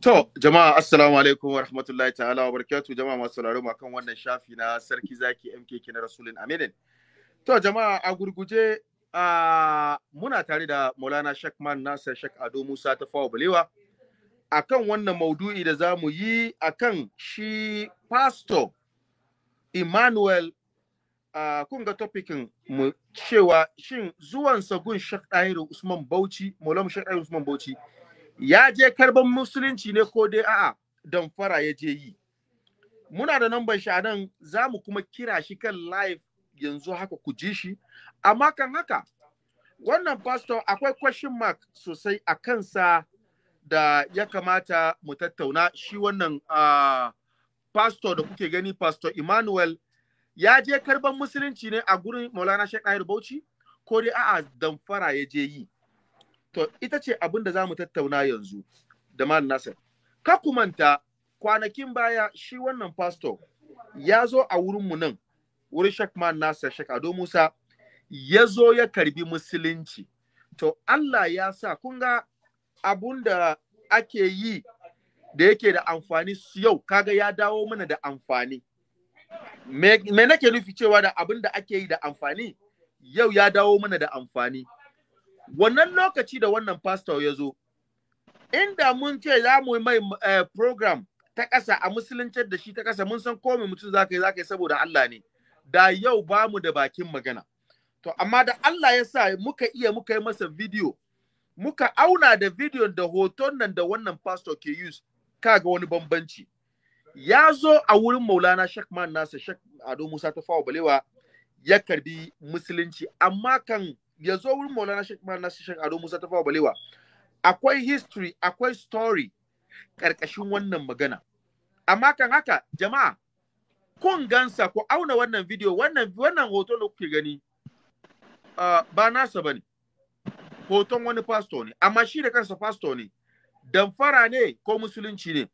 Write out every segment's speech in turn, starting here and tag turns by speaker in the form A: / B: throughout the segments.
A: To, jama'a assalamu alaikum wa rahmatullahi ta'ala wa barakatu jama'a masu sauraro ma kan wannan shafi na sarki zaki MKK na Rasulun Aminin. To, jama'a a gurguje a muna tare da Maulana Shakman Nasir Shak Ado Musa ta fawa balewa a kan wannan maudu'i da za mu yi a kan shi pastor Emmanuel a kun ga topikin mu cewa shin zuwansa gun Shak Usman Bauchi, Maulana Shak Usman Bauchi ya je karban musulunci ne ko dai a'a damfara ya je yi muna da number shi nan za mu kuma kira shi kan live yanzu haka ku ji shi amma kan haka wannan pastor akwai question mark sosai a kansa da ya kamata mu tattauna shi wannan uh, pastor da kuke gani pastor Emmanuel ya je karban musulunci ne a gurin Maulana Sheikh Ahir Bauchi ko dai a'a damfara ya je yi To ita ce abin da za mu tattauna yanzu da Mal Nasir. Ka kumanta kwanakin baya shi wannan pastor ya zo a wurinmu nan wurin Sheikh Man Nasir Sheikh Ado Musa ya zo ya karbi musulunci. To Allah ya sa kun ga abun da ake yi da yake da amfani yau kaga ya dawo mana da amfani. Me nake nufi cewa da abin da ake yi da amfani yau ya dawo mana da amfani. wannan lokaci da wannan pastor ya zo inda mun ce za mu mai eh, program ta ƙasa a musulunci da shi ta ƙasa mun san komai mutum za ka yi za ka yi saboda Allah ne da yau ba mu da bakin magana to amma da Allah ya sa muka iya muka yi masa video muka auna da video da hoton nan da wannan pastor ke use kaga wani bambanci ya zo a wurin maulana shek man nasa shek ado musa ta fawa balewa ya karbi musulunci amma kan ya zo wurin maulana shek mana shek ado musa tafawa balewa akwai history akwai story karkashin wannan magana amma kan haka jama'a kun gansa ku auna wannan video wannan wannan hoto da kuke gani uh, ba nasa bane hoton wani pastor ne amma shi da kansa pastor ne damfara ne ko musulunci ne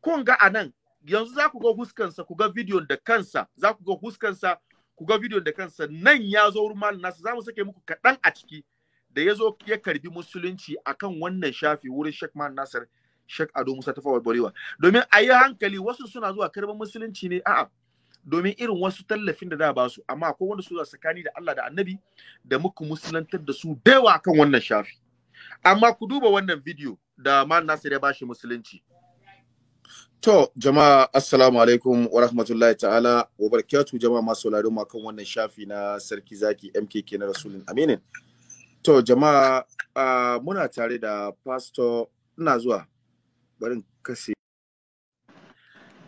A: kun ga anan yanzu za ku ga huskansa ku ga bidiyon da kansa za ku ga huskansa ku ga bidiyon da kansa nan ya zo wurin malam nasu za mu sake muku kaɗan a ciki da ya zo ya karbi musulunci akan wannan shafi wurin Sheikh man Nasir Sheikh Ado Musa ta Tafawa Barewa domin a yi hankali wasu suna zuwa karban musulunci ne a'a domin irin wasu tallafin da za ba su amma akwai wanda su za tsakani da Allah da Annabi da muku musulantar da su da yawa akan wannan shafi amma ku duba wannan bidiyo da man Nasir ya bashi musulunci To, jama'a assalamu alaikum wa rahmatullahi ta'ala wa barakatu jama'a masu sauraro ma kan wannan shafi na sarki zaki MKK na Rasulun Aminin. To, jama'a muna tare da pastor ina zuwa barin kase.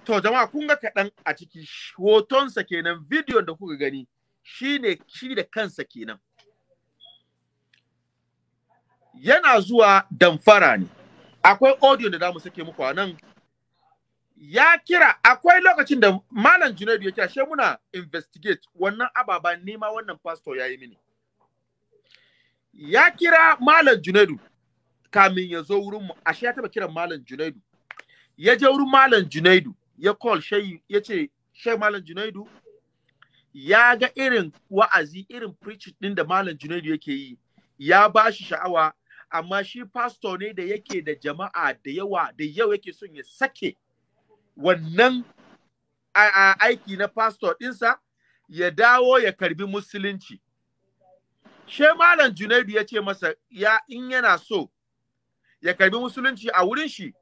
A: To, jama'a kun ga kaɗan a ciki hotonsa kenan bidiyon da kuka gani ne shi da kansa kenan. Yana zuwa damfara ne. Akwai audio da za mu sake muku a nan ya kira akwai lokacin da malam junaidu ya kira she muna investigate wannan ababa nema wannan pastor ya yi mini ya kira malam junaidu kamin ya zo wurin mu ashe ya taba kiran malam junaidu ya je wurin malam junaidu ya call shayi ya ce shai malam junaidu ya ga irin wa'azi irin preaching din da malam junaidu yake yi ya ba shi sha'awa amma shi pastor ne da yake da jama'a da yawa da yau yake son ya sake wannan aiki na pastor ɗinsa ya dawo ya karbi musulunci. She Malam Junaidu ya ce masa ya in yana so ya karbi musulunci a wurin shi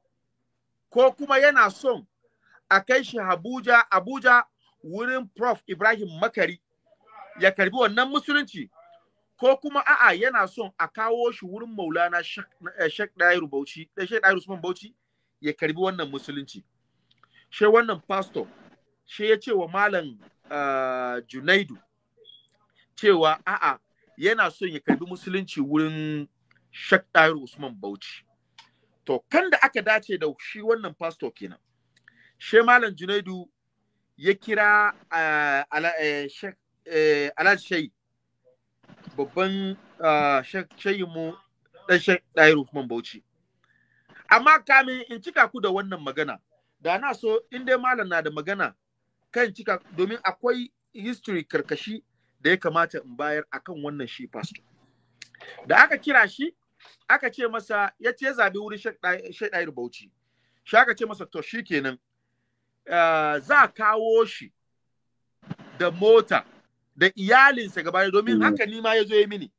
A: ko kuma yana son a kai shi Abuja Abuja wurin Prof Ibrahim Makari ya karbi wannan musulunci ko kuma a'a yana son a kawo shi wurin Maulana Sheikh eh, Dairu eh, Usman Bauchi ya karbi wannan musulunci. she wannan pastor she ya ce wa malam ah, junaidu cewa a'a yana so ya karbi musulunci wurin shak usman bauchi to kan da aka dace da shi wannan pastor kenan she malam junaidu ya kira ah, eh, eh, alhaji shayi babban shayinmu ɗan ɗahiru usman bauchi amma kamin in cika ku da wannan magana da na so in dai malam na da magana kan cika domin akwai history karkashi da ya kamata in bayar akan wannan shi pastor da aka kira shi aka ce masa ya ce zabi wurin shaidayar bauchi shi aka ce masa to shi kenan eh, za kawo shi da mota da iyalinsa gaba domin mm. haka ni ma ya zo ya mini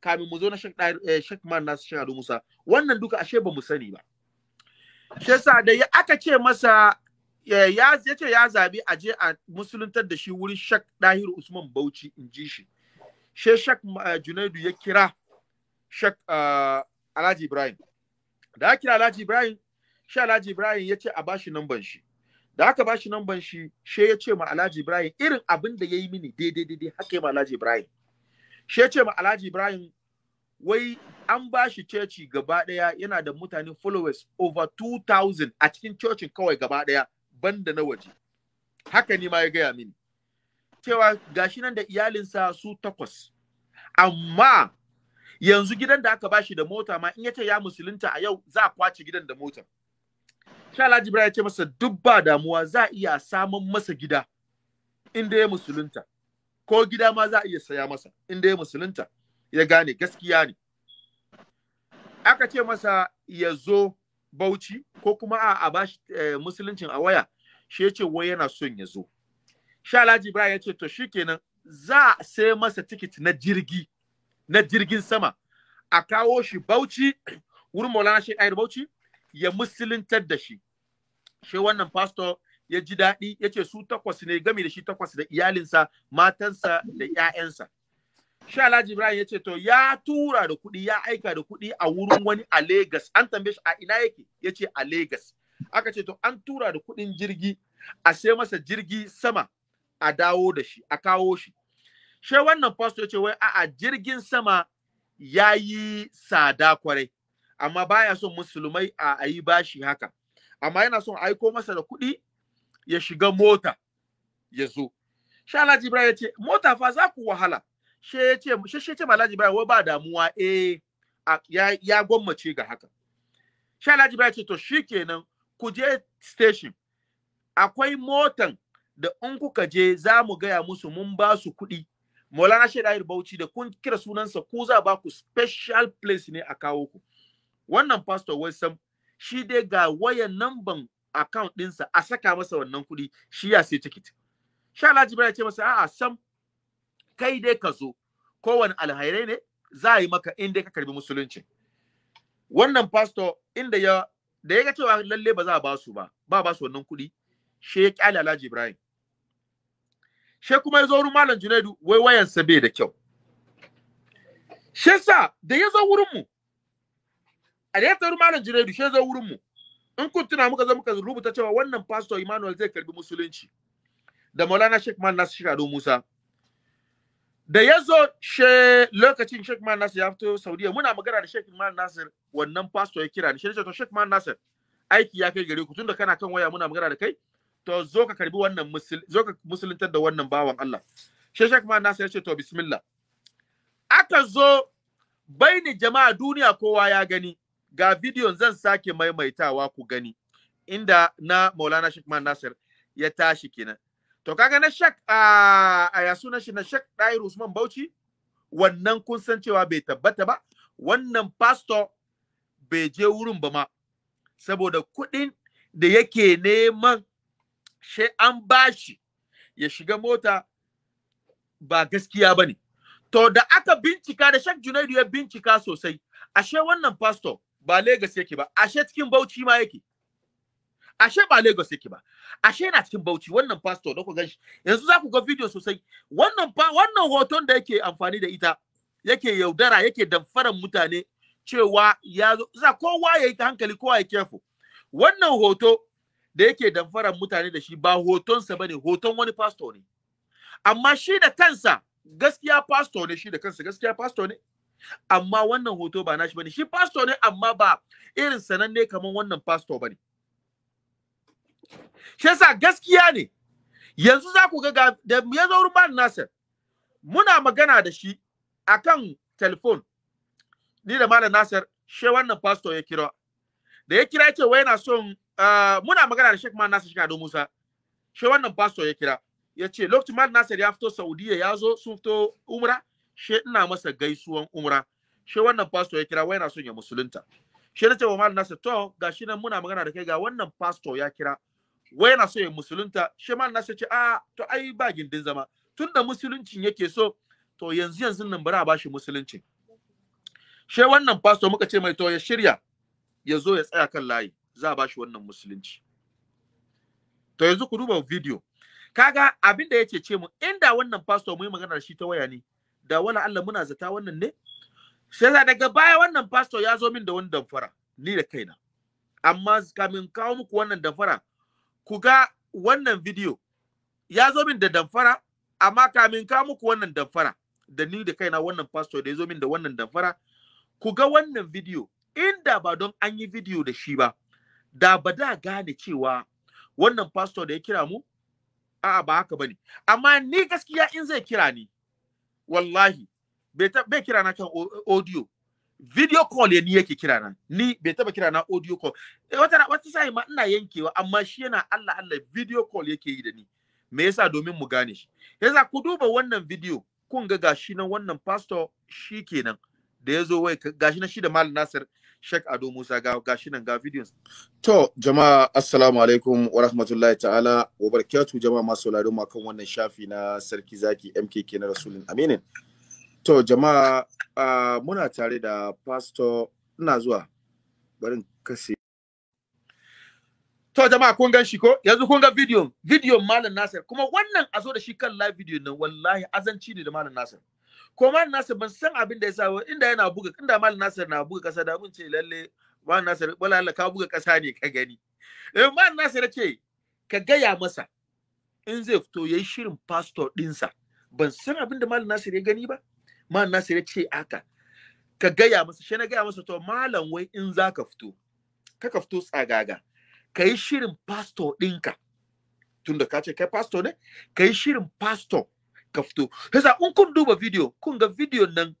A: kamin mu zo na shek eh, man nasu ado musa wannan duka ashe ba mu sani ba shi yasa da aka ce masa ya ce ya zabi a je a musuluntar da shi wurin shak dahir usman bauchi in ji shi she shak uh, junaidu ya kira shak uh, alhaji ibrahim da ya kira alhaji ibrahim shi alhaji ibrahim ya ce a bashi namban shi da aka bashi namban shi she ya ce ma alhaji ibrahim irin abin da ya yi mini daidai daidai haka ya ma alhaji ibrahim she ya ce ma alhaji ibrahim wai an ba shi coci gaba daya yana da mutane followers over 2000 a cikin cocin kawai gaba daya banda na waje haka ni ma ya gaya mini cewa gashi nan da iyalinsa su takwas amma yanzu gidan da aka ba shi da mota ma in ya ce ya musulunta a yau za a kwace gidan da mota sha Alhaji ya ce masa duk ba damuwa za a iya samun masa gida inda ya musulunta ko gida ma za a iya saya masa inda ya musulunta ya gane gaskiya ne aka ce masa ya zo bauchi ko kuma a a bashi eh, musuluncin a waya shi ya ce wai yana son ya zo Shalaji ibrahim ya ce to shikenan za a sai masa tikit na jirgi na jirgin sama a kawo shi bauchi wurin maulana shi ayar bauchi ya musuluntar da shi shi wannan pastor ya ji daɗi ya ce su takwas ne gami da shi takwas da iyalinsa matansa da 'ya'yansa shi Alhaji Ibrahim ya ce to ya tura da kuɗi ya aika da kuɗi a wurin wani a Legas an tambaye shi a ina yake ya ce a Legas aka ce to an tura da kuɗin jirgi a sai masa jirgi sama a dawo da shi a kawo shi shi wannan pastor ya ce wai a'a jirgin sama ya yi tsada kwarai amma baya son musulmai a yi bashi haka amma yana son aiko masa da kuɗi ya shiga mota ya zo shi Alhaji Ibrahim ya ce mota fa za ku wahala she ya ce she she ce Alhaji wai ba damuwa eh ya ya gwammace ga haka she alaji Ibrahim ce to shikenan ku je station akwai motan da in kuka je za mu gaya musu mun ba su kuɗi Maulana da Bauchi da kun kira sunansa ku za ba ku special place ne a kawo ku. Wannan pastor sam shi dai ga wayan namban account ɗinsa a saka masa wannan kuɗi shi ya sai ticket. Sha Alhaji Ibrahim ce masa a'a sam kai dai ka zo kowane alhairai ne za a yi maka in dai ka karbi musulunci wannan pastor inda ya da ya ga cewa lalle ba za a basu ba ba ba su wannan kuɗi she ya kyale Alhaji Ibrahim she kuma ya zo wurin Malam Junaidu wai wayansa bai da kyau she sa da ya zo wurin mu a da ya zo Malam Junaidu she zo wurin mu in kun tuna muka zo muka rubuta cewa wannan pastor Emmanuel zai karbi musulunci da Maulana Sheikh Man Nasir Ado Musa da ya zo lokacin Sheikh Man Nasir ya fito Saudiya muna magana da Sheikh Man Nasir wannan pastor ya kira ni shi to Sheikh Man Nasir aiki ya kai gare ku tunda kana kan waya muna magana da kai to zo ka karbi wannan musul zo ka musuluntar da wannan bawan Allah she Sheikh Man Nasir ya ce to bismillah aka zo baini jama'a duniya kowa ya gani ga bidiyon zan sake maimaitawa ku gani inda na Maulana Sheikh Man Nasir ya tashi kenan to kaga na shak a ya sunan shi na shak Dair Usman Bauchi wannan kun san cewa bai tabbata ba wannan pastor bai je wurin ba ma saboda kuɗin da yake neman sai an bashi ya shiga mota ba gaskiya ba ne. To da aka bincika da shak Junaidu ya bincika sosai, ashe wannan pastor ba Legas yake ba, ashe cikin Bauchi ma yake. ashe ba Lagos yake ba ashe yana cikin Bauchi wannan pastor da ku gan shi yanzu za ku ga video sosai wannan wannan hoton da yake amfani da ita yake yaudara yake damfaran mutane cewa ya za kowa ya yi hankali kowa ya kefu wannan hoto da yake damfaran mutane da shi ba hotonsa bane hoton wani pastor ne amma shi da kansa gaskiya pastor ne shi da kansa gaskiya pastor ne amma wannan hoto ba nashi bane shi pastor ne amma ba irin sananne kaman wannan pastor bane shi yasa gaskiya ne yanzu za ku ga da ya zo Ruban Nasir muna magana da shi akan telefon ni da Malam Nasir shi wannan pastor ya kira da ya kira ce wai yana son ah, muna magana da Sheikh Malam Nasir shi don Musa shi wannan pastor ya kira ya ce lokacin Malam Nasir ya fito Saudiya ya zo sun fito umra shi ina masa gaisuwan umra shi wannan pastor ya kira wai yana son ya musulunta shi na ce wa Malam Nasir to gashi nan muna magana da kai ga wannan pastor ya kira wai yana so ya musulunta shi ma na ce a ah, to ai ba gindin zama tunda musuluncin yake so to yanzu yanzu nan bari a bashi musuluncin shi wannan fasto muka ce mai to ya shirya ya zo ya tsaya kan layi za a bashi wannan musulunci to yanzu ku duba video kaga abin da yake ce mu inda wannan fasto mu yi magana da shi ta waya ne da wala Allah muna zata wannan ne sai daga baya wannan fasto ya zo min da wani damfara ni da kaina amma kamin kawo muku wannan damfara ku ga wannan video ya zo min da damfara amma kamin ka muku wannan damfara da ni da kaina wannan pastor da ya zo min da wannan damfara ku ga wannan video inda ba don an yi video da shi ba da ba da gane cewa wannan pastor da ya kira mu a'a ba haka bane amma ni gaskiya in zai kira ni wallahi bai kira na kan audio video call ya ni yake kira na ni bai taba kira na audio call eh wata wata sai ma ina yankewa amma shi yana Allah Allah video call yake yi da ni me yasa domin mu gane shi yasa ku duba wannan video kun ga gashi nan wannan pastor shi kenan da yazo wai gashi nan shi da Mal Nasir Sheikh Ado Musa ga gashi nan ga videos to jama'a assalamu alaikum wa rahmatullahi ta'ala wa barakatuh jama'a masu sauraron ma kan wannan shafi na sarki zaki MKK na Rasulun Aminin To jama'a uh, muna tare da pastor ina zuwa barin kase. To jama'a kun gan shi ko yanzu kun ga video video Malam Nasir kuma wannan a zo da shi kan live video nan wallahi azanci ne da Malam Nasir. Ko Malam Nasir ban san abin da ya sa inda yana buga inda Malam Nasir na buga kasa da mun ce lalle Malam Nasir wala Allah ka buga kasa ne ka gani. Eh Malam Nasir ce ka gaya masa in zai fito yayi shirin pastor dinsa ban san abin da Malam Nasir ya gani ba. man nasir ya ce aka ka gaya masa shi na gaya masa to malam wai in za ka fito ka ka fito tsagaga ka yi shirin pastor ɗinka tunda ka ce kai pastor ne ka yi shirin pastor ka fito sai in kun duba video kun ga video nan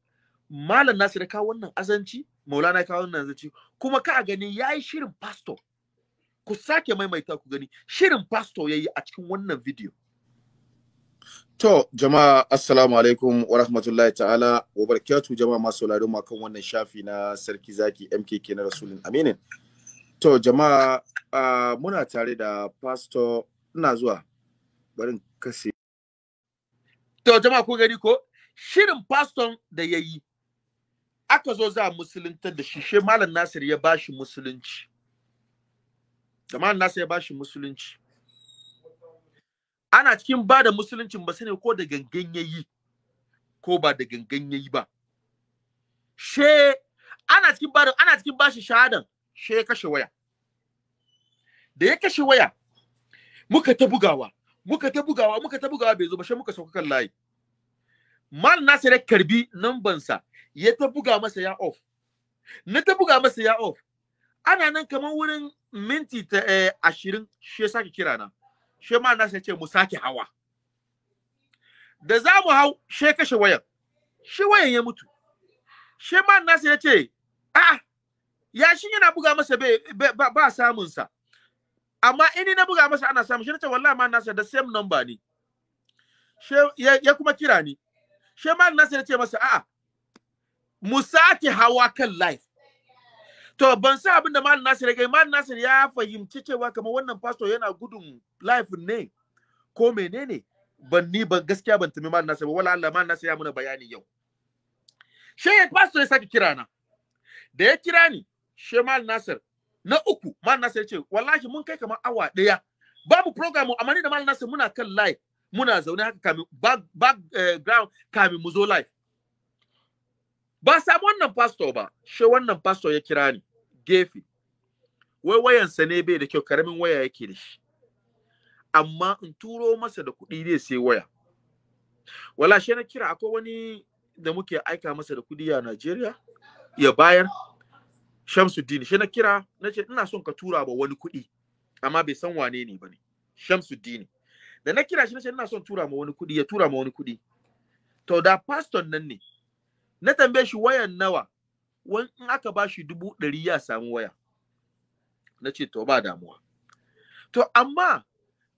A: malam nasir ka wannan azanci maulana ka wannan azanci kuma ka gani ya yi shirin pastor ku sake maimaita ku gani shirin pastor ya yi a cikin wannan video To, jama'a assalamu alaikum wa rahmatullahi ta'ala wa barkatu jama'a masu sauraron ma kan wannan shafi na sarki zaki MKK na Rasulun Aminin. To, jama'a uh, muna tare da pastor ina zuwa barin kase. To, jama'a ku gani ko shirin pastor da ya yi aka zo za a musulunta da shi shi malam Nasir ya bashi musulunci. Jama'a Nasir ya bashi musulunci. ana cikin ba da musuluncin ba sani ko da gangan yayi ko ba da gangan yayi ba she ana cikin ba ana cikin ba shi shahadan she ya kashe waya da ya kashe waya muka ta bugawa muka ta bugawa muka ta bugawa bai zo ba she muka sauka kan layi mal nasir karbi karbi sa, ya ta buga masa ya off na ta buga masa ya off ana nan kamar wurin minti ta eh, ashirin shi ya sake kira na she ma na sai ce mu sake hawa da za mu hau she kashe wayan shi wayan ya mutu she ma na sai ce a ya shi yana buga masa ba, ba samun sa amma ini na buga masa ana samun shi ce wallahi ma na sai da same number ne she ya, kuma kira ni she ma na sai ce masa a'a mu sake hawa kan life to ban sa abin da malam nasir ya kai malam nasir ya fahimci cewa kamar wannan pastor yana gudun life ne ko menene ban ni ban gaskiya ban tumi mal nasa ba wala Allah mal nasa ya muna bayani yau she pastor ya saki kira na da ya kira ni she mal nasir na uku mal nasir ce wallahi mun kai kamar awa daya babu program amma ni da mal nasir muna kan live muna zaune haka kamin background eh, kamin mu zo live ba samu wannan pastor ba she wannan pastor ya kira ni gefe wai wayansa ne bai da kyau karamin waya yake da shi amma in turo masa da kuɗi zai sai waya wala shi na kira akwai wani da muke aika masa da kuɗi a Najeriya ya bayar Shamsuddin shi na kira na ce ina son ka tura ba wani kuɗi amma bai san wane ne bane Shamsuddin da na kira shi na ce ina son tura ma wani kuɗi ya tura ma wani kuɗi to da pastor nan ne na tambaye shi wayan nawa wan in aka ba shi dubu ɗari ya samu waya na ce to ba damuwa to amma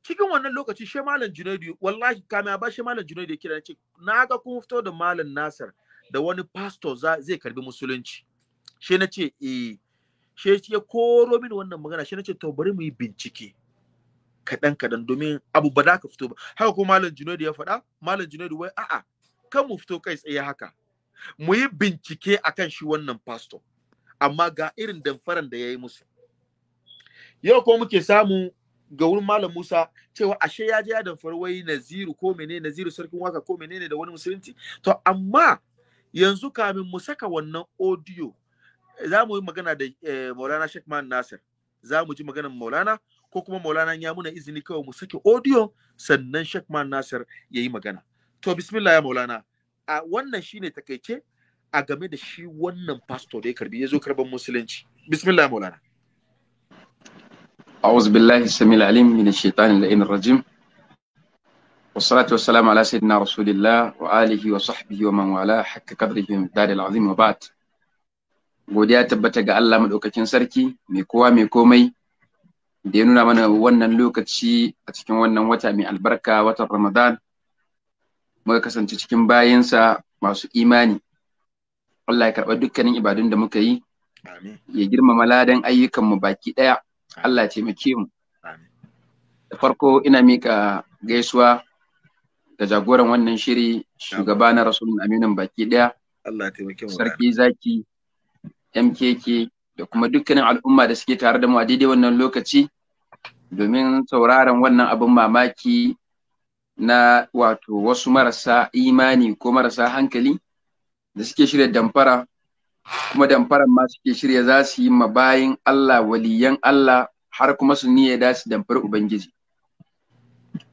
A: cikin wannan lokaci shi malam junaidu wallahi kame ba shi malam junaidu kira ce na ga kun fito da malam nasir da wani pastor zai karbi musulunci shi na ce eh shi ya koro mini wannan magana shi na ce to bari mu yi bincike kadan-kadan. domin abu ba za ka fito ba haka kuma malam junaidu ya faɗa malam junaidu wai a'a kan mu fito kai tsaye haka mu yi bincike akan shi wannan pastor amma ga irin damfaran da ya yi musu yau ko muke samu ga wurin Malam Musa cewa ashe ya je ya damfar wai Naziru ko mene Naziru sarkin waka ko menene da wani musulunci to amma yanzu kamin mu saka wannan audio za mu yi magana da eh, Maulana Sheikh Man Nasir za mu ji maganar Maulana ko kuma Maulana ya muna izini kawai mu saki audio sannan Sheikh Man Nasir ya yi magana to bismillah ya Maulana a wannan shine takaice a game da shi wannan pastor da ya karbi ya zo karban musulunci bismillah Maulana
B: أعوذ بالله السميع العليم من الشيطان اللعين الرجيم والصلاة والسلام على سيدنا رسول الله وآله وصحبه ومن والاه حق قدره من الدار العظيم وبعد godiya tabbata ga Allah madaukakin sarki mai kowa mai komai da ya nuna mana wannan lokaci a cikin wannan wata mai albarka watan Ramadan muka kasance cikin bayansa masu imani Allah ya karɓa dukkanin ibadun da muka yi ya girmama ladan ayyukanmu baki ɗaya Allah ce mu da farko ina mika gaisuwa da jagoran wannan shiri shugaba na rasulun aminin baki daya sarki zaki mkk da kuma dukkanin al'umma da suke tare da mu a daidai wannan lokaci domin sauraron wannan abin mamaki na wato wasu marasa imani ko marasa hankali da suke shirya damfara kuma damfaran ma suke shirya za su yi mabayin Allah waliyan Allah har kuma su niyya da su damfar Ubangiji.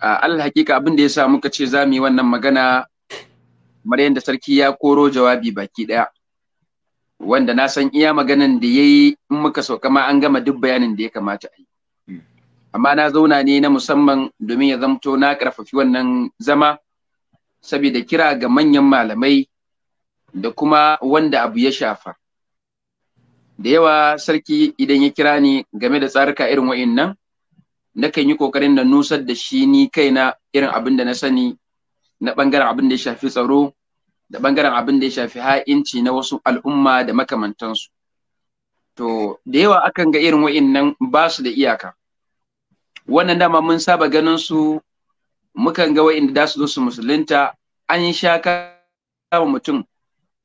B: A Allah hakika abin da ya sa muka ce za mu yi wannan magana kamar da sarki ya koro jawabi baki ɗaya. Wanda na san iya maganan da ya yi in muka sauka kama an gama duk bayanin da ya kamata a yi. Hmm. Amma na zauna ne na musamman domin ya zamto na ƙarfafi wannan zama, saboda kira ga manyan malamai da kuma wanda abu ya shafa da yawa sarki idan ya kira ni game da tsarika irin wa'in wa'innan nakan yi kokarin na nusar da shi ni kaina irin abin da na sani na ɓangaren abin da ya shafi tsaro da ɓangaren abin da ya shafi ha'inci na wasu al'umma da makamantansu to da yawa akan ga irin wa'in nan ba su da iyaka wannan dama mun saba ganin su mukan ga wa'in da su zo su musulunta an sha kama mutum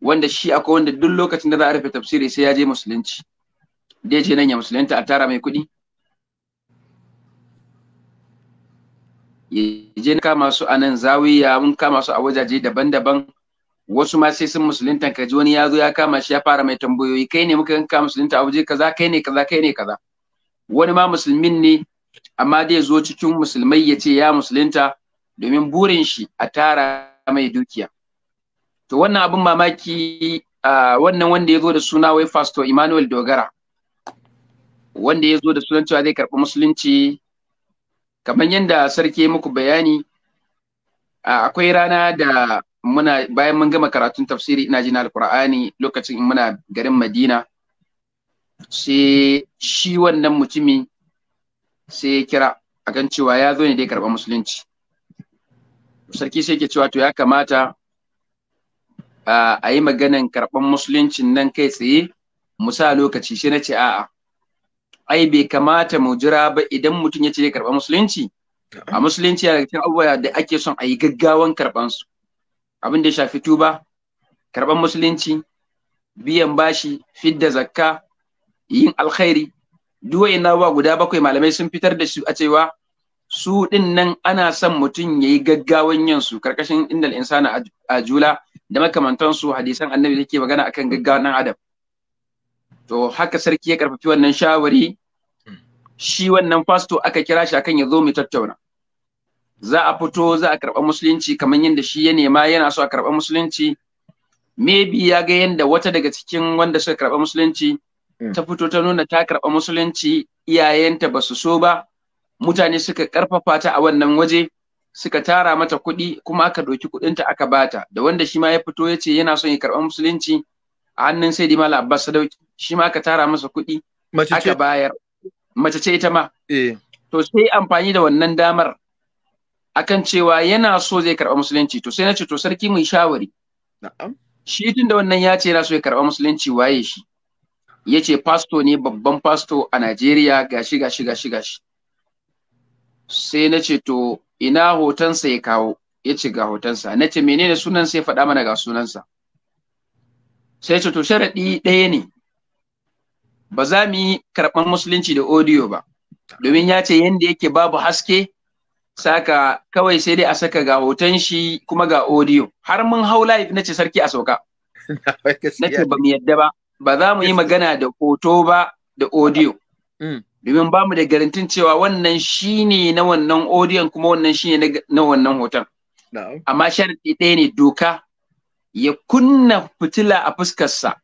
B: wanda shi akwai wanda duk lokacin da za a rufe tafsiri sai ya je musulunci da je nan ya musulunta a tara mai kuɗi ya je kama su a nan zawiya mun kama su a wajaje daban-daban wasu ma sai sun musulunta ka ji wani ya zo ya kama shi ya fara mai tambayoyi kai ne muka yanka musulunta a waje kaza kai ne kaza kai ne kaza wani ma musulmin ne amma dai zo cikin musulmai ya ce ya musulunta domin burin shi a tara mai dukiya to wannan abin mamaki wannan wanda ya zo da suna wai Fasto Emmanuel Dogara wanda ya zo da sunan cewa zai karɓi musulunci kamar yadda sarki muku bayani akwai rana da muna bayan mun gama karatun tafsiri ina jin alkur'ani lokacin muna garin madina sai shi wannan mutumi sai ya kira akan cewa ya zo ne dai karɓar musulunci sarki sai ke cewa to ya kamata a yi maganin karɓan musuluncin nan kai tsaye musa lokaci shi na ce a'a ai bai kamata mu jira ba idan mutum ya ce karɓa musulunci a musulunci a cikin abubuwa da ake son a yi gaggawan karɓan su abin da ya shafi tuba karɓan musulunci biyan bashi fidda zakka yin alkhairi duk wa'inna ba guda bakwai malamai sun fitar da su a cewa su din nan ana son mutum ya yi gaggawan yin karkashin inda al'insana a jula da su hadisan annabi yake magana akan gaggawa nan adam to haka sarki ya karfafi wannan shawari hmm. shi wannan fasto aka kira shi akan ya zo mu tattauna za a fito za a karɓa musulunci kamar yadda shi ya nema yana so a karɓa musulunci maybe ya ga yadda wata daga cikin wanda suka karɓa musulunci hmm. ta fito ta nuna ta karɓa musulunci iyayenta ba su so ba mutane suka karfafa ta a wannan waje suka tara mata kuɗi kuma aka ɗauki kuɗinta aka bata da wanda shi ma ya fito ya ce yana son ya karɓa musulunci a hannun sai mala abbas sadauki shi ma aka tara masa kuɗi aka bayar mace ce ita ma eh. to sai amfani da wannan damar akan cewa yana so zai karɓa musulunci to sai na ce to sarki mu shawari shi tun da wannan ya ce yana so ya karɓa musulunci waye shi ya ce fasto ne babban fasto a najeriya gashi gashi gashi gashi sai na ce to ina hotonsa ya kawo ya ci ga hotonsa na ce menene sunan sai faɗa mana ga sunansa sai ce to sharaɗi ɗaya ne ba za mu yi karɓar musulunci da audio ba domin ya ce yadda yake babu haske saka kawai sai dai a saka ga hoton shi kuma ga audio har mun hau live na ce sarki a sauka na ce ba mu yadda ba ba za mu yi magana da hoto ba da audio mm. domin ba mu da garantin cewa wannan shine na wannan odiyon kuma wannan shine na wannan hoton amma sharadi ɗaya ne doka ya kunna fitila a fuskarsa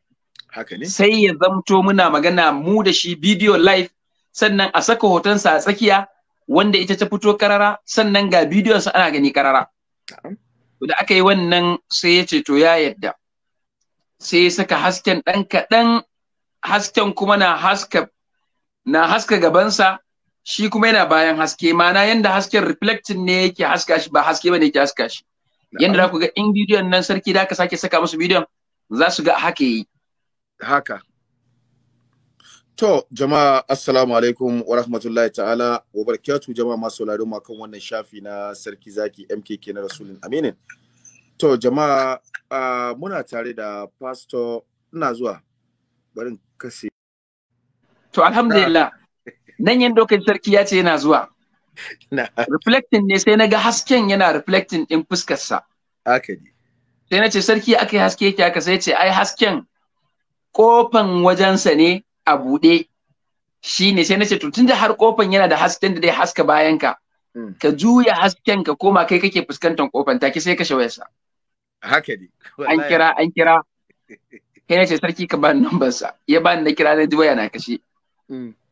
B: sai ya zamto muna magana mu da shi bidiyo live sannan a saka hotonsa a tsakiya wanda ita ta fito karara sannan ga bidiyonsa ana gani karara da aka yi wannan sai ya ce to ya yadda sai ya saka hasken ɗan kaɗan hasken kuma na haska na haska gabansa shi kuma yana bayan haske mana yanda hasken reflecting ne yake haska shi ba haske bane yake haska shi yanda za ku ga in bidiyon nan sarki da ka sake saka musu bidiyon za su ga haka yi haka
A: to jama'a assalamu alaikum wa rahmatullahi ta'ala wa barakatuh jama'a masu sauraron ma kan wannan shafi na sarki zaki MKK na rasulun aminin to jama'a ah, muna tare da pastor ina zuwa barin kase
B: To alhamdulillah. Nan yin dokin sarki ya ce yana zuwa. Reflecting ne sai na ga hasken yana reflecting din fuskarsa.
C: Sai
B: na ce sarki aka yi haske yake aka sai ce ai hasken kofan wajensa ne a buɗe. Shi ne sai na ce to tunda har kofan yana da hasken da dai haska bayanka. Hmm. Ka juya hasken ka koma kai kake fuskantar kofan take sai ka shawayarsa.
C: Haka ne. An kira
B: an kira. Kai na ce sarki ka ba numbarsa. Ya ba ni na kira na ji waya na kashe.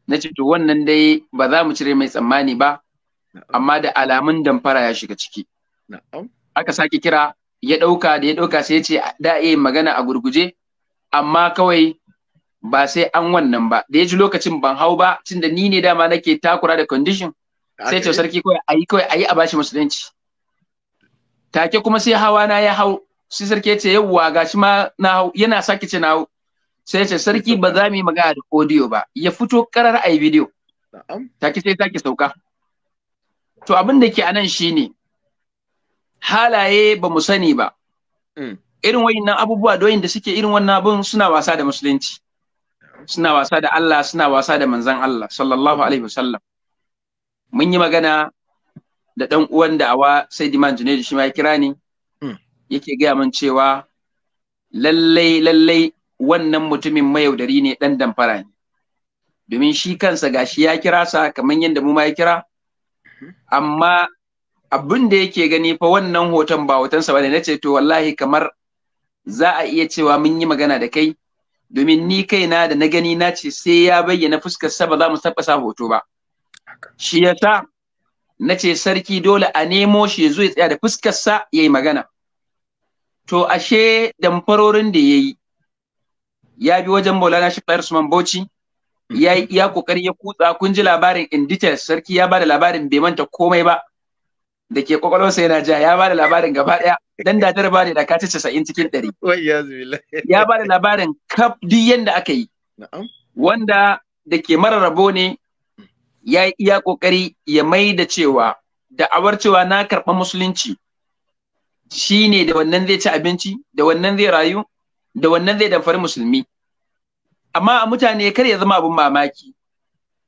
B: na ce to wannan dai ba za mu cire mai tsammani ba amma da alamun damfara ya shiga ciki aka sake kira ya ɗauka da ya ɗauka sai ya ce da iya eh, magana a gurguje amma kawai ba sai an wannan ba da ya ji lokacin ban hau ba tun da ni ne dama nake takura da condition sai ce sarki kawai ayi kawai a bashi musulunci take kuma sai hawa na ya hau sai sarki ya ce yawwa gashi ma na hau yana sake ce na hau sai ce sarki ba za mu yi magana da audio ba ya fito karar a yi video ki sai ta ki sauka to abin da ke a nan shine halaye ba mu sani ba mm. irin wayannan abubuwa doyin da suke irin wannan abun suna wasa da musulunci suna wasa da Allah suna wasa da manzon Allah sallallahu alaihi wasallam mun yi magana da dan uwan awa sai Diman Junaidu shi ma ya kira ni mm. yake gaya mun cewa lallai lallai wannan mutumin mayaudari ne dan damfara ne domin shi kansa gashi ya kira sa kamar yadda mu ma ya kira amma abin da yake gani fa wannan hoton ba hotonsa ba ne na ce to wallahi kamar za a iya cewa mun yi magana da kai domin ni kaina da na gani nace sai ya bayyana fuskar sa ba za mu sa hoto ba shi yasa na ce sarki dole a nemo shi ya zo ya tsaya da fuskar sa ya yi magana to ashe damfarorin da ya yi ya bi wajen Maulana Shifa Usman Bauchi ya iya kokari ya kutsa kun ji labarin in details sarki ya bada labarin bai manta komai ba da ke kwakwalwarsa yana ja ya bada labarin gaba daya dan da jarba ne da ka ci 90 cikin 100 ya bada labarin kaf duk yanda aka yi wanda da ke mara rabo ne ya iya kokari ya mai da cewa da'awar cewa na karɓar musulunci shi ne da wannan zai ci abinci da wannan zai rayu da wannan zai damfari musulmi amma a mutane kar ya zama abin mamaki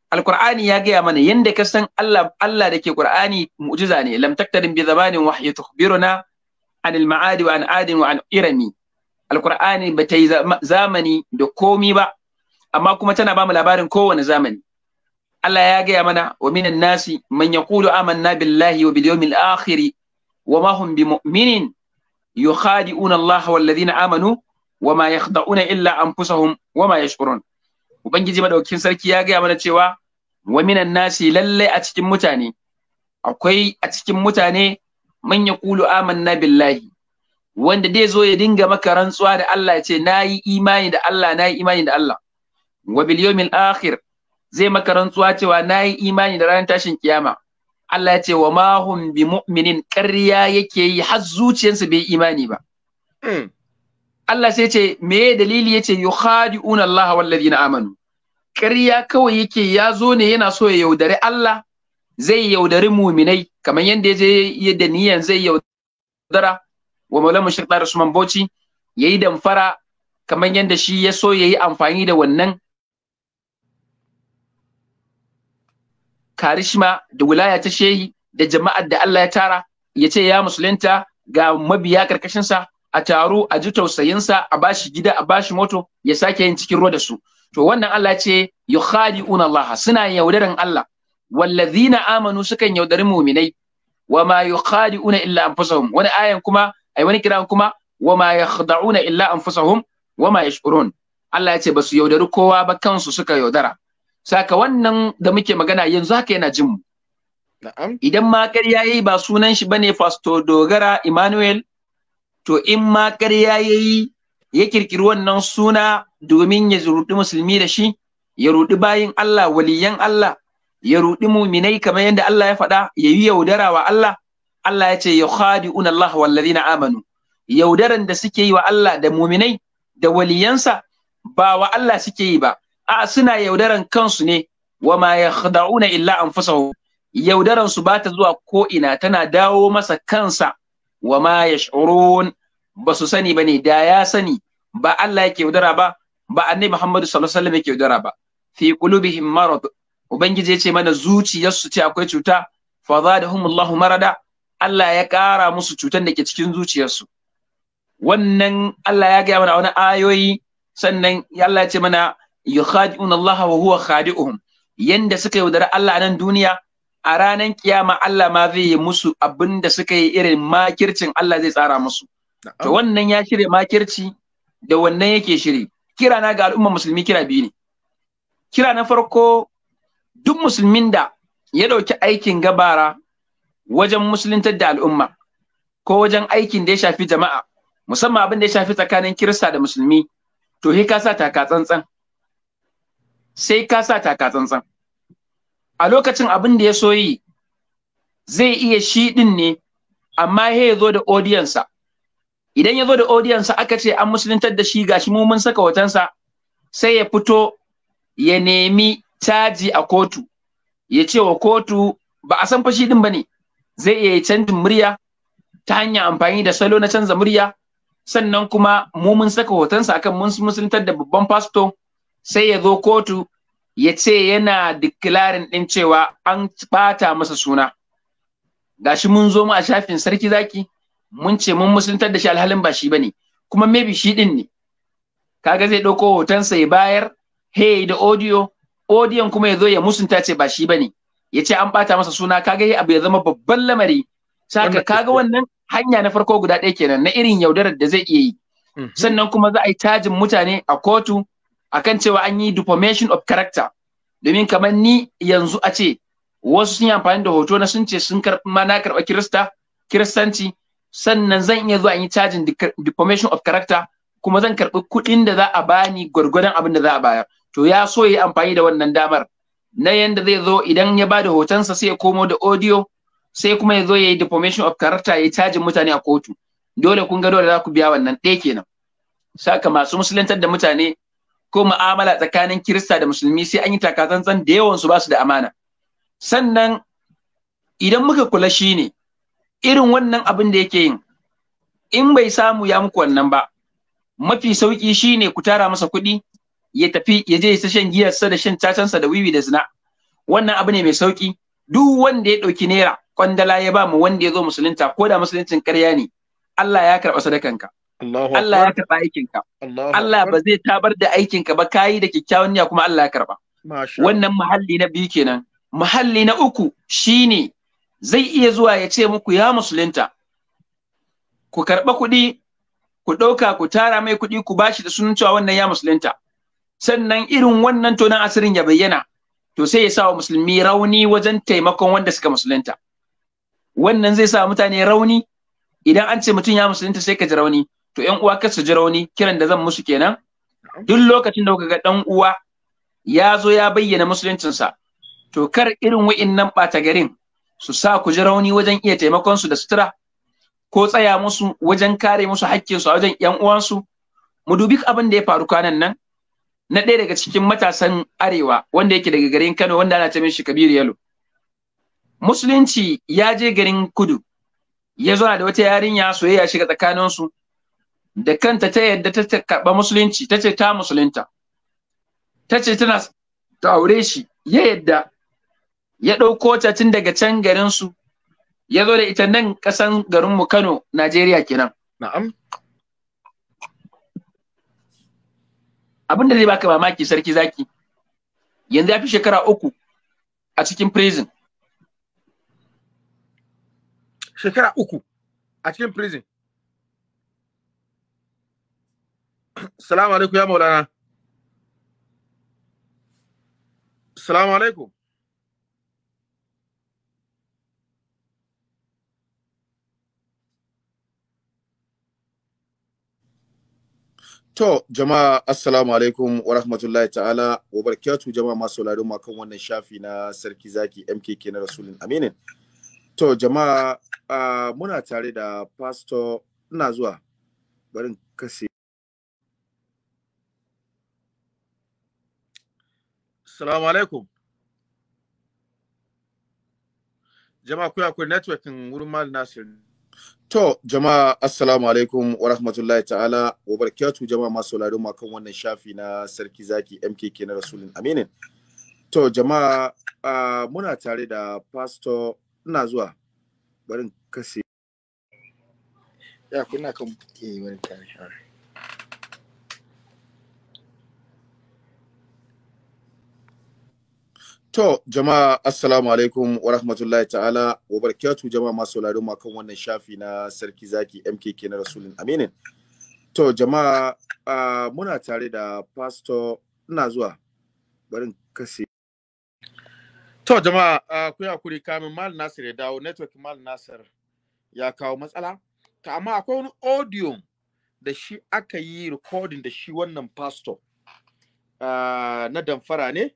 B: alkur'ani ya gaya mana yanda ka san Allah Allah da ke qur'ani mu'jiza ne lam taktarin bi zamanin wahyi tukhbiruna an al-ma'adi wa an adin wa an irami alqur'ani ba ta yi zamani da komi ba amma kuma tana ba mu labarin kowane zamani Allah ya gaya mana wa minan nasi man yaqulu amanna billahi wa bil yawmil akhir wa ma hum bimu'minin yukhadi'una Allah wal ladina amanu wama yakhda'una illa anfusahum wama yash'urun ubangiji madaukakin sarki ya gaya mana cewa wa minan nasi lallai a cikin mutane akwai a cikin mutane man yaqulu amanna billahi wanda dai zo ya dinga maka rantsuwa da Allah ya ce nayi imani da Allah nayi imani da Allah wa bil akhir zai makarantsuwa rantsuwa cewa nayi imani da ranar tashin kiyama Allah ya ce wa ma hum bi mu'minin ƙarya yake yi har zuciyarsa bai yi imani ba hmm. Allah sai ce me dalili yace yukhadi'una Allah wal ladina amanu ƙarya kawai yake ya zo ne yana so ya yaudari Allah zai yaudari muminai kamar yadda je da niyan zai yaudara wa maula mushrikta Usman Bauchi yayi damfara kamar yadda shi ya so yayi amfani da wannan karishma da wilaya ta shehi da jama'ar da Allah ya tara ya ce ya musulunta ga mabiya karkashinsa a taru a ji tausayinsa a bashi gida a bashi moto ya sake yin cikin ruwa da su to wannan Allah ce yukhadi'una Allah suna yaudaran Allah wallazina amanu sukan yaudari mu'minai wama yukhadi'una illa anfusahum wani ayan kuma ai wani kiran kuma wama yakhda'una illa anfusahum wama yash'urun Allah ya ce basu yaudari kowa ba kansu suka yaudara saka wannan da muke magana yanzu haka yana jin mu Idan ma ƙarya yayi ba sunan shi bane Fasto Dogara Emmanuel to in ma ƙarya yayi ya kirkiri wannan suna domin ya rudi musulmi da shi ya ruɗi bayin Allah waliyan Allah ya ruɗi muminai kamar yadda Allah ya faɗa ya yi yaudara wa Allah Allah ya ce yukhadi'una Allah wallazina amanu yaudaran da suke yi wa Allah da muminai da waliyansa ba wa Allah suke yi ba a suna yaudaran kansu ne wa ma yakhda'una illa anfusahum yaudaran su ba ta zuwa ko ina tana dawo masa kansa wa ma yash'urun ba su sani ba ne da ya sani ba Allah yake yaudara ba ba annabi Muhammadu sallallahu alaihi yake yaudara ba fi qulubihim marad ubangiji ce mana zuciyarsu ce akwai cuta fa zadahum marada Allah ya ƙara musu cutar da ke cikin zuciyarsu wannan Allah ya gaya mana wani ayoyi sannan Allah ya ce mana yukhadi'un Allah wa huwa khadi'uhum yanda suka yaudara Allah a nan duniya a ranar kiyama Allah ma zai yi musu abin da suka yi irin makircin Allah zai tsara musu To wannan ya shirya makirci da wannan yake shiri. Kira na ga al'umma musulmi kira biyu ne. Kira na farko duk musulmin da ya ɗauki aikin gabara wajen musuluntar da al'umma ko wajen aikin da ya shafi jama'a musamman abin da ya shafi tsakanin kirista da musulmi to sai ka sa taka tsantsan. Sai ka sa taka tsantsan. A lokacin abin da ya so yi zai iya shi ɗin ne amma ya zo da odiyansa. idan ya zo da sa aka ce an musuluntar da shi gashi mu mun saka hotonsa sai ya fito ya nemi caji a kotu ya ce wa kotu ba a san fashi din bane zai iya yi canjin murya ta hanyar amfani da salo na canza murya sannan kuma mu mun saka hotonsa akan mun musuluntar da babban fasto sai ya zo kotu ya ce yana declaring din cewa an bata masa suna gashi mun zo mu a shafin sarki zaki mun ce mun musuntar da shi alhalin ba shi bane kuma maybe shi din ne kaga zai ɗauko hotonsa ya bayar hey da audio audio kuma ya zo ya musunta ce ba shi bane ya ce an bata masa suna kaga yi abu ya zama babban lamari saka kaga wannan hanya na farko guda ɗaya kenan na irin yaudarar da zai iya yi mhm. sannan kuma za a yi tajin mutane a kotu akan cewa an yi deformation of character domin kamar ni yanzu a ce wasu sun yi amfani da hoto na sun ce sun karɓi ma na karɓa kirista kiristanci sannan zan iya zuwa in yi cajin deformation of character kuma zan karɓi kuɗin da za a bani gwargwadon abin da za a bayar to ya so ya yi amfani da wannan damar na yanda zai zo idan ya bada hotonsa sai ya komo da audio sai kuma ya zo ya yi deformation of character ya yi cajin mutane a kotu dole kun ga dole za ku biya wannan ɗaya kenan saka masu musulantar da mutane ko mu'amala tsakanin kirista da musulmi sai an yi takatsantsan da yawan su basu da amana sannan idan muka kula shi ne irin wannan abin da yake yin in bai samu ya muku wannan ba mafi sauki shine ku tara masa kuɗi ya tafi ya je ya shan giyarsa da shan cacansa da wiwi da zina wannan abu ne mai sauki duk wanda ya ɗauki naira kwandala ya ba mu wanda ya zo musulunta ko da musuluncin ƙarya ne Allah ya karɓa sadakanka Allah ya karɓa aikinka Allah ba zai tabar da aikinka ba kayi da kyakkyawan niyya kuma Allah ya karɓa wannan muhalli na biyu kenan muhalli na uku shine zai iya zuwa ya ce muku ya musulunta ku karɓa kuɗi ku ɗauka ku tara mai kuɗi ku bashi da sunan cewa wannan ya musulunta sannan irin wannan tonan asirin ya bayyana to sai ya sa wa musulmi rauni wajen taimakon wanda suka musulunta wannan zai sa mutane rauni idan an ce mutum ya musulunta sai ka ji rauni to ƴan uwa kar su ji rauni kiran da zan musu kenan duk lokacin da kuka ga ɗan uwa ya zo ya bayyana musuluncinsa to kar irin wa'innan ɓata garin su sa ku ji rauni wajen iya taimakon su da sutura ko tsaya musu wajen kare musu hakkin su a wajen yan uwansu mu dubi abin da ya faru kwanan nan na ɗaya daga cikin matasan arewa wanda yake daga garin Kano wanda ana ce shi Kabiru Yalo musulunci ya je garin kudu ya zo da wata yarinya soyayya shiga tsakaninsu da kanta ta yadda ta karɓa musulunci ta ce ta musulunta ta ce tana ta aure shi ya yadda ya ɗauko ta tun daga can garinsu ya zo da ita nan ƙasan garinmu Kano, Najeriya kenan. Na'am. Abin da zai baka mamaki sarki zaki, yanzu
A: ya fi shekara uku a cikin prison. Shekara uku a cikin prison. Salamu alaikum ya maulana. Salamu alaikum. To, jama'a assalamu alaikum wa rahmatullahi ta'ala wa barakatuh jama'a masu sauraron mu kan wannan shafi na Sarki Zaki MKK na Rasulun Aminin. To, jama'a uh, muna tare da pastor ina zuwa barin kase Assalamu alaikum. Jama'a kuya kuwa networkin wurin Mal Nasir. To, jama'a assalamu alaikum wa rahmatullahi ta'ala wa barkatu jama'a masu sauraron ma kan wannan shafi na sarki zaki MKK na Rasulun Aminin. To, jama'a uh, muna tare da pastor ina zuwa barin kasi. Ya kuna kan yi eh, barin tare. To, jama'a assalamu alaikum wa rahmatullahi ta'ala wa barakatu jama'a masu sauraro ma kan wannan shafi na sarki zaki MKK na Rasulun Aminin. To, jama'a muna tare da pastor ina zuwa barin kase. To, jama'a uh, ku hakuri kamin Mal Nasir ya dawo network Mal Nasir ya kawo matsala. Ta amma akwai wani audio da shi aka yi recording da shi wannan pastor na damfara ne.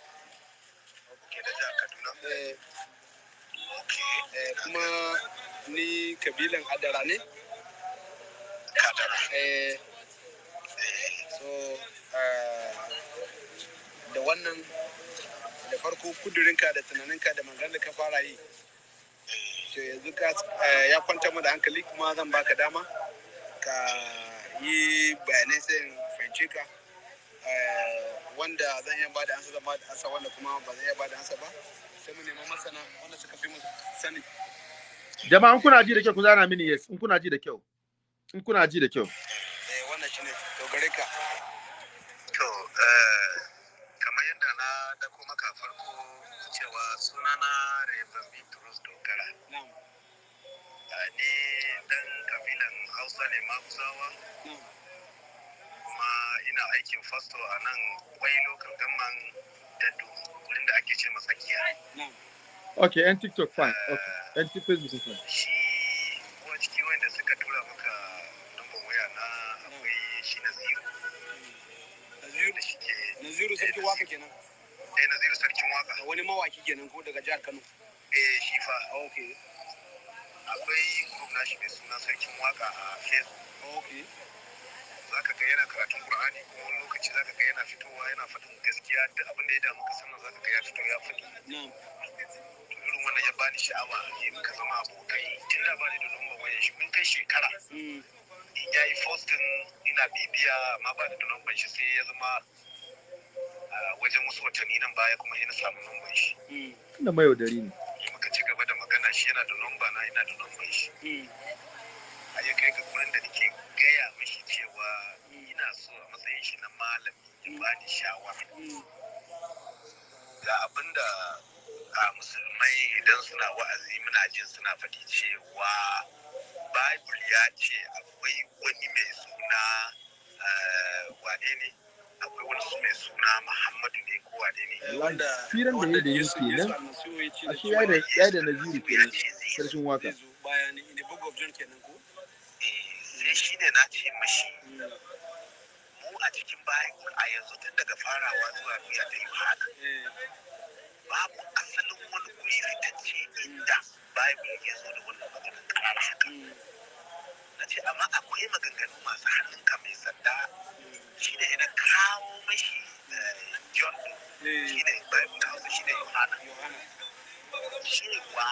C: kuma ni kabilan adara ne adara eh so eh, da wannan da farko kudurinka da tunaninka da maganar da ka fara yi to yanzu eh, ya kwanta mu da hankali kuma zan baka dama ka yi bayanai sai fahimce ka eh, wanda zan iya ba da ansa zan ba da ansa wanda kuma ba zan iya ba da ansa ba sai mu neman masana wanda suka fi mu sani
A: jama'an kuna ji da kyau ku zana mini yes in kuna ji da kyau in kuna ji da kyau
C: eh wannan shine to gare ka to eh, kamar yadda na da kuma ka farko cewa sunana Reverend Bitrus Dogara ni dan kabilan Hausa ne ma kusawa, kuma ina aikin fasto a nan kwai local man
A: da wurin da ake ce masakiya okay and tiktok fine okay tiktok is fine
C: tura eh, wani mawaki kenan ko daga jihar Kano eh shi fa okay akwai group na shi suna sarkin waka a facebook okay zaka ga yana karatun Qur'ani wani lokaci zaka ga yana fitowa yana gaskiya duk abin da ya damu ka sannan zaka ga ya fito ya fadi na'am wanda ya bani sha'awa ne muka zama abokai tun da bani da numba wayan shi mun kai shekara mm. ya yi fostin ina bibiya amma bani da numban shi sai ya zama wajen wasu watanni nan baya kuma yana samu numban shi
A: mm. da mai yaudari ne muka ci gaba da magana shi yana da numba na ina da numban shi mm.
C: a ya kai ga gurin da nake gaya mashi cewa ina so a matsayin shi na malami ya bani shawara ga abin da A musulmai idan suna wa'azi muna jin suna faɗi cewa bible ya ce akwai wani mai suna eh, wane ne akwai wani su mai suna muhammadu ne ko wane ne wanda
A: firan da ya da yi ke nan
C: a
A: shi ya da na biyu ke nan sarshen waka eh,
C: sai shi ne na ce mashi mu a cikin bayan a yanzu tun daga farawa zuwa biya da yohana babu asalin wani guri fitacce inda babu ya zo da wannan maganin karar haka na ce amma akwai maganganu masu hannunka mai sanda shi ne na kawo mashi eh, john eh. shi ne bible na hausa shi ne yohana shi ne kuwa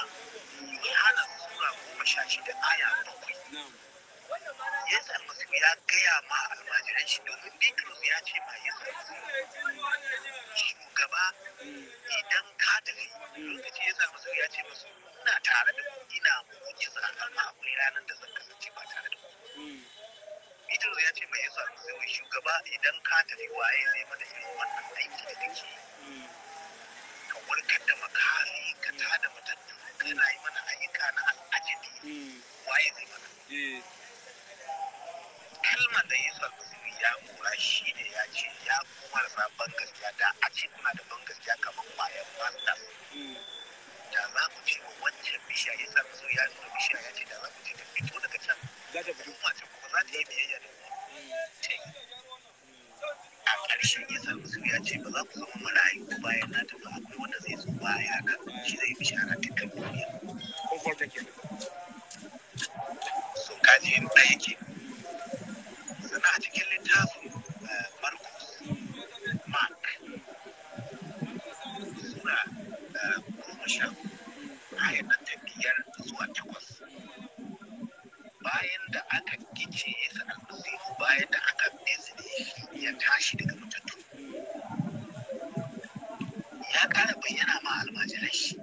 C: yohana sura goma sha shida aya bakwai yesu almasihu ya gaya ma almajiran shi domin bitrus ya ce ma yesu shugaba idan ka tafi lokaci yesu almasihu ya ce musu ina tare da mu. ina mu'jiza amma akwai ranar da zan kasance ba tare da ku bitrus ya ce ma yesu almasihu shugaba idan ka tafi waye zai mana irin wannan aiki da kake ka warkar da makari ka tada matattu kana yi mana ayyuka na al'ajabi hmm. waye zai mana hmm. kalmar da ya sarfasiri ya mora shi ne ya ce ya kuma rasa ban gaskiya da a ce kuna da ban gaskiya kamar bayan masters da za ku ce wa wancan bishiya ya sarfasiri ya nuna bishiya ya ce da za ku ce ta fito daga can za ta fito mace kuma za ta yi biyayya da a ƙarshen ya sarfasiri ya ce ba za ku zama marayu bayan na tafi akwai wanda zai zo baya na shi zai bishara ta kan duniya. Kun farta kenan. Sun kaji ɗaya kenan. Sana a cikin littafin eh, markus mark sura eh, goma sha ayat biyar zuwa takwas bayan da aka gice yesu bayan da aka bizne shi ya tashi daga mutattu. ya ƙara bayyana ma almajiran shi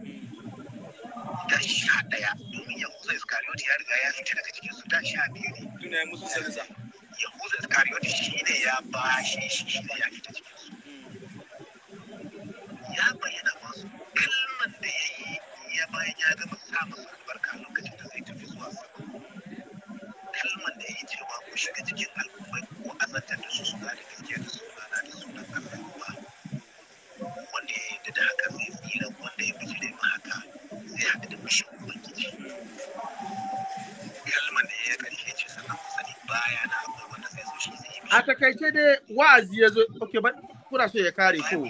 C: ta sha ɗaya domin yahuza iskariyoti ya riga ya fita daga cikin su ta sha biyu ne. shi ne ya
A: sai dai wa'azi ya zo ba kuna so ya kare ko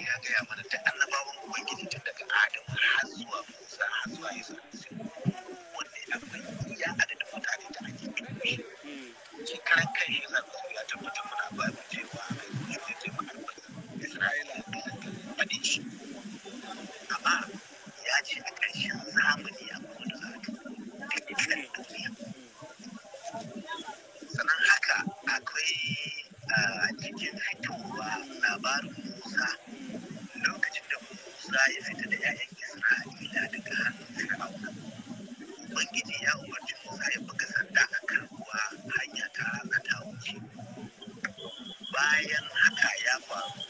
A: পারবো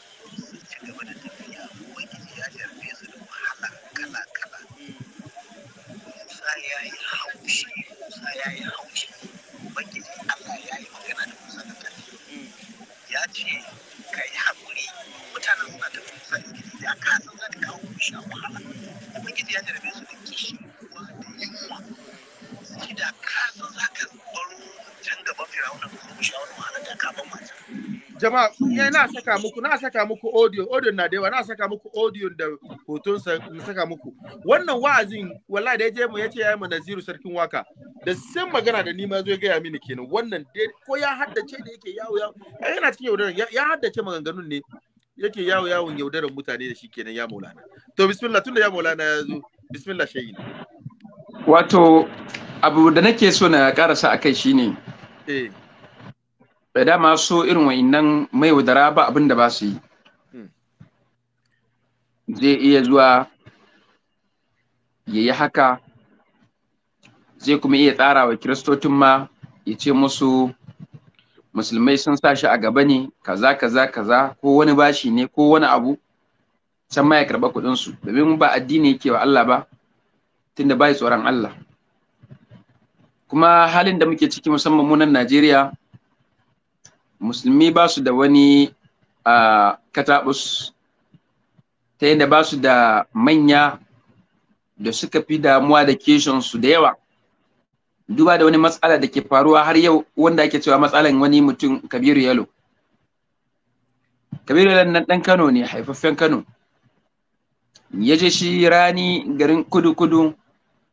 A: Eh, na saka muku na saka muku audio audio na da yawa na saka muku audio da hoton sa na saka muku wannan wa'azin wallahi da yaje mu yace yayi mu Naziru sarkin waka da san magana da ni ma zo ga ya mini kenan wannan ko ya haddace da yake yawo yawo eh, yana cikin yaudaran ya haddace maganganun ne yake yawo yawon yaudaran mutane da shi kenan ya maulana to bismillah tunda ya maulana ya zo bismillah shayina
B: wato abu da nake so na karasa akai shine eh da dama so irin wa'innan mai wadara ba abin da ba su yi hmm. zai iya zuwa ya yi haka zai kuma iya tsara wa kiristocin ma ya ce musu musulmai sun sa shi a gaba ne kaza kaza kaza ko wani bashi ne ko wani abu can ma ya karɓa kudinsu domin ba addini yake wa Allah ba tunda yi tsoron Allah kuma halin da muke ciki musamman munan Najeriya musulmi ba su da wani a kataɓus ta yadda ba su da manya da suka fi damuwa da kishinsu da yawa duba da wani matsala da ke faruwa har yau wanda ake cewa matsalan wani mutum kabiru yalo kabiru yalo na ɗan kano ne haifaffen kano ya je shi rani garin kudu-kudu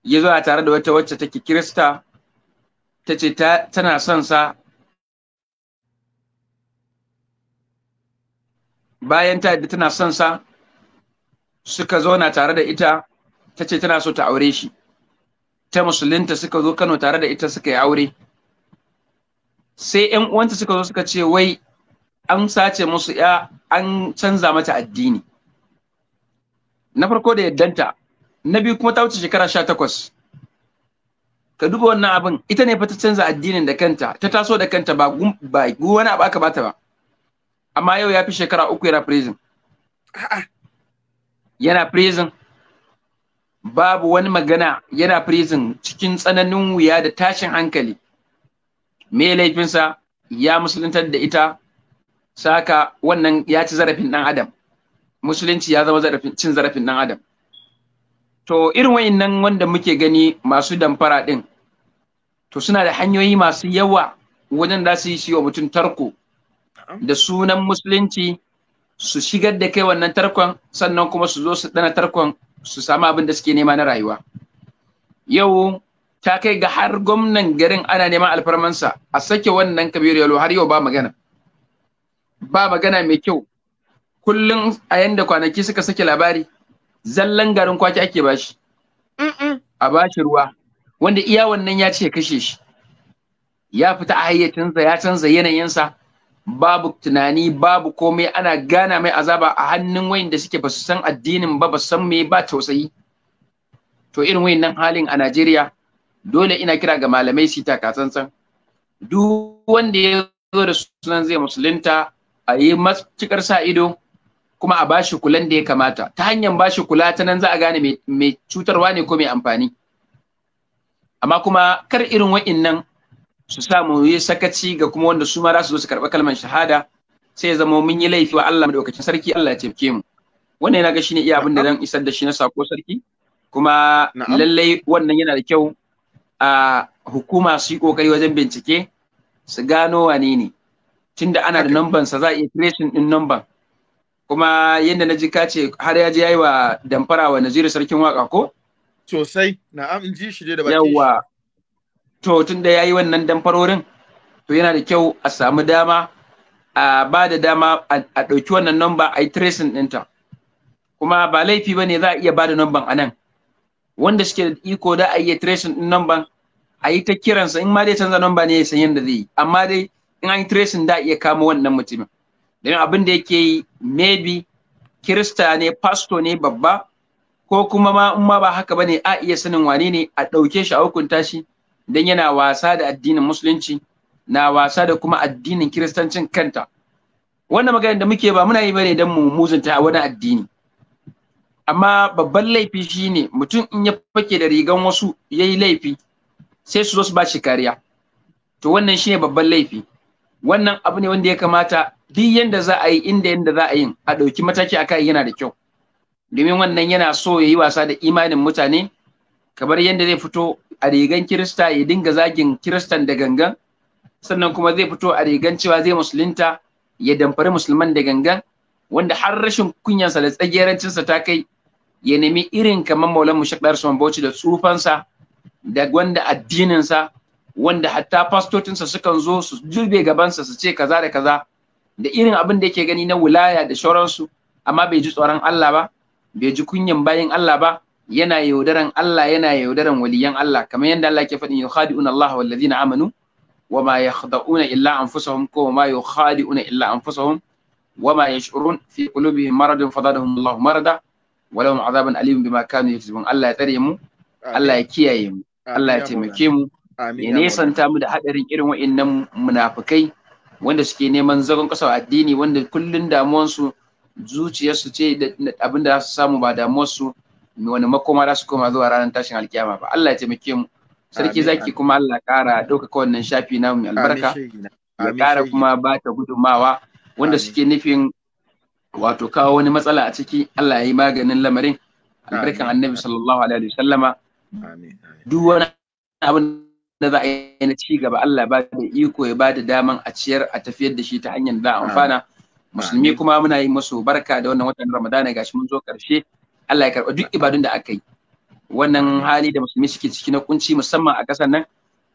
B: ya zo a tare da wata wacce take kirista ta ce tana son sa bayan ta yadda tana son sa suka zauna tare da ita ta ce tana so ta aure shi ta musulunta suka zo Kano tare da ita suka yi aure sai yan uwanta suka zo suka ce wai an sace musu ya an canza mata addini na farko da yaddanta na biyu kuma ta wuce shekara sha takwas ka duba wannan abin ita ne fa ta canza addinin da kanta ta taso da kanta ba wani abu aka bata ba amma yau ya fi shekara uku yana prison yana prison babu wani magana yana prison cikin tsananin wuya da tashin hankali me laifinsa ya musuluntar da ita saka wannan ya ci zarafin ɗan adam musulunci ya zama cin zarafin ɗan adam to irin wa'innan wanda muke gani masu damfara ɗin to suna da hanyoyi masu yawa wajen da su yi wa mutum tarko da sunan musulunci su shigar da kai wannan tarkon sannan kuma su zo su dana tarkon su samu abin da suke nema na rayuwa yau ta kai ga har gwamnan garin ana neman alfarmansa a sake wannan kabiru yalo har yau ba magana ba magana mai kyau kullum a yanda kwanaki suka sake labari zallan garin kwaki ake bashi a bashi ruwa wanda iya wannan ya ce kashe shi ya fita a hayyacinsa ya canza yanayinsa babu tunani babu komai ana gana mai azaba a hannun da suke ba su san addinin ba ba san me ba tausayi to irin nan halin a Najeriya dole ina kira ga malamai su ta katsantsan duk wanda ya zo da sunan zai musulunta a yi cikar sa ido kuma a bashi kulan da ya kamata ta hanyar bashi kula ta nan za a gane mai cutarwa ne ko mai amfani amma kuma kar irin wa'innan su sa mu yi sakaci ga kuma wanda su ma za su zo su karɓi kalmar shahada sai ya zama mun yi laifi wa Allah madaukakin sarki Allah ya taimake mu wannan yana ga shine iya abin da zan isar da shi na sako sarki kuma lallai wannan yana da kyau a hukuma su yi kokari wajen bincike su gano wane ne tunda ana da namban sa za a iya tracing din namban kuma yadda na ji ka ce har ya je yayi wa damfara wa Naziru sarkin waka ko sosai na'am in ji shi da baki yawa to tun da ya yi wannan damfarorin to yana da kyau a samu dama a ba da dama a ɗauki wannan namba a yi tracing ɗinta kuma ba laifi ba ne za a iya ba da number a nan wanda suke da iko da a iya tracing ɗin number a yi ta kiransa in ma dai canza number ne ya san yadda zai yi amma dai in an yi tracing da iya kama wannan mutumin don abin da yake yi maybe kirista ne pasto ne babba ko kuma ma in ma ba haka bane a iya sanin wane ne a ɗauke shi a hukunta shi dan yana wasa da addinin musulunci na wasa da kuma addinin kiristancin kanta wannan magana da muke ba muna yi bane dan mu muzunta a wani addini amma babban laifi shine mutum in ya fake da rigan wasu yayi laifi sai su zo su ba shi kariya to wannan shine babban laifi wannan abu ne wanda ya kamata duk yanda za a yi inda yanda za a yi a ɗauki mataki akai yana da kyau domin wannan yana so ya yi wasa da imanin mutane kamar yadda zai fito a rigan kirista ya dinga zagin kiristan da gangan sannan kuma zai fito a rigan cewa zai musulunta ya damfari musulman da gangan wanda har rashin kunyansa da tsagerancinsa ta kai ya nemi irin kamar maulan mu shakdar su bauchi da tsufansa da wanda addininsa wanda hatta fastotinsa sukan zo su jube gabansa su ce kaza da kaza da irin abin da yake gani na wilaya da shauransu amma bai ji tsoron Allah ba bai ji kunyan bayin Allah ba yana yaudaran Allah yana yaudaran waliyan Allah kamar yadda Allah ke faɗin yukhadi'una Allah wal ladina amanu wa ma yakhda'una illa anfusahum ko ma yukhadi'una illa anfusahum wa ma yash'urun fi qulubihim maradun fadadahum Allah marada wa lahum adhabun alim bima kanu yakzibun Allah ya tsare mu
C: Allah ya kiyaye
B: mu Allah ya taimake mu ya ta mu da hadarin irin wa'annan munafikai wanda suke neman zagon kasa addini wanda kullun damuwansu zuciyarsu ce da abin da za su samu ba damuwarsu wani makoma za su koma zuwa ranar tashin alkiyama ba Allah ya taimake mu sarki zaki kuma Allah ƙara ɗaukaka wannan shafi na mai albarka ya ƙara kuma ba ta gudunmawa wanda suke nufin wato kawo wani matsala a ciki Allah ya yi maganin lamarin albarkan annabi sallallahu alaihi wa wasallama duk wani abin da za a yi na ci gaba Allah ba da iko ya ba da daman a ciyar a tafiyar da shi ta hanyar da amfana musulmi kuma muna yi musu barka da wannan watan ramadana gashi mun zo karshe Allah ya karɓa duk ibadun da aka yi wannan hali da musulmi suke ciki na kunci musamman a ƙasar nan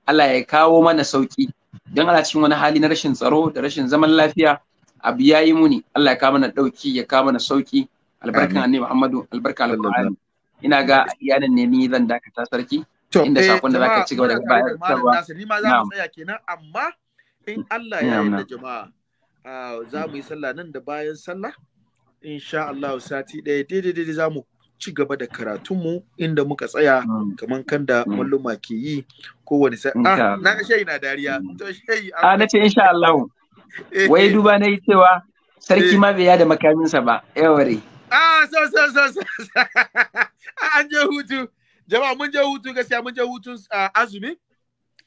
B: Allah ya kawo mana sauki don ana cikin wani hali na rashin tsaro da rashin zaman lafiya abu ya yi muni Allah ya kawo mana ɗauki ya kawo mana sauki albarkan annabi Muhammadu albarkan alƙur'ani ina ga iyanan ne ni zan dakata sarki inda eh, sakon da zaka ci gaba da bayarwa ni ma za mu
A: tsaya kenan amma in Allah ya yarda jama'a ah, za mu yi sallah nan da bayan sallah insha Allah sati ɗaya daidai daidai za mu ci gaba da karatunmu inda muka tsaya mm. kamar kan da mm. malluma ke yi kowane sai a ah, na ga shayi na dariya to shayi ah, na ce insha Allah eh. wai duba na yi cewa sarki
B: eh. ma bai yada makaminsa ba Yawari.
A: a ah, so so so so an je hutu jama'a mun je hutu gaskiya mun je hutun azumi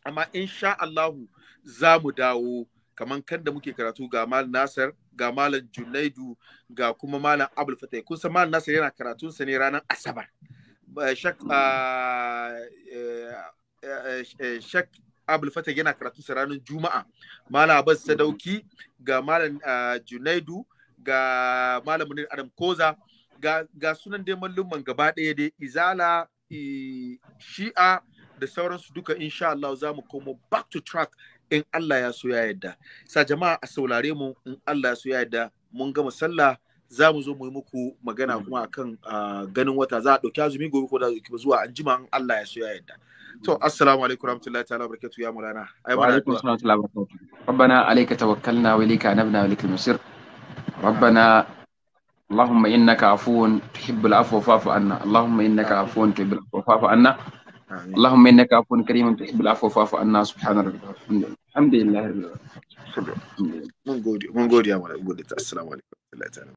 A: amma insha Allah za mu dawo kamar kan da muke karatu ga Mal Nasir, ga Malam Junaidu, ga kuma Malam Abul Fatai. Kun san Malam Nasir yana karatun sa ne ranar Asabar. Shak ah, eh, eh, eh, Shak Abul Fatai yana sa ranar Juma'a. Malam Abbas Sadauki, ga Malam ah, Junaidu, ga Malam Munir Adam Koza, ga sunan dai mallumman gaba daya dai Izala, Shi'a, da sauransu duka insha Allah za mu komo back to track in Allah ya so ya yadda. sa jama'a a saurare mu in Allah ya so ya yadda mun gama sallah za mu zo mu yi muku magana kuma akan ganin wata za a ɗauki azumi gobe ko da zuwa an jima in Allah ya so ya yadda. to assalamu alaikum warahmatullahi ta'ala barakatuh ya mulana ai wa alaikum assalam
B: ta'ala rabbana alayka tawakkalna wa ilayka anabna wa ilayka al-masir rabbana اللهم انك عفو تحب العفو فاعف عنا اللهم انك عفو تحب العفو فاعف عنا اللهم انك عفو كريم تحب العفو فاعف عنا سبحان ربك
C: الحمد لله alhamdulillah mun gode mun gode ya mala gode assalamu alaikum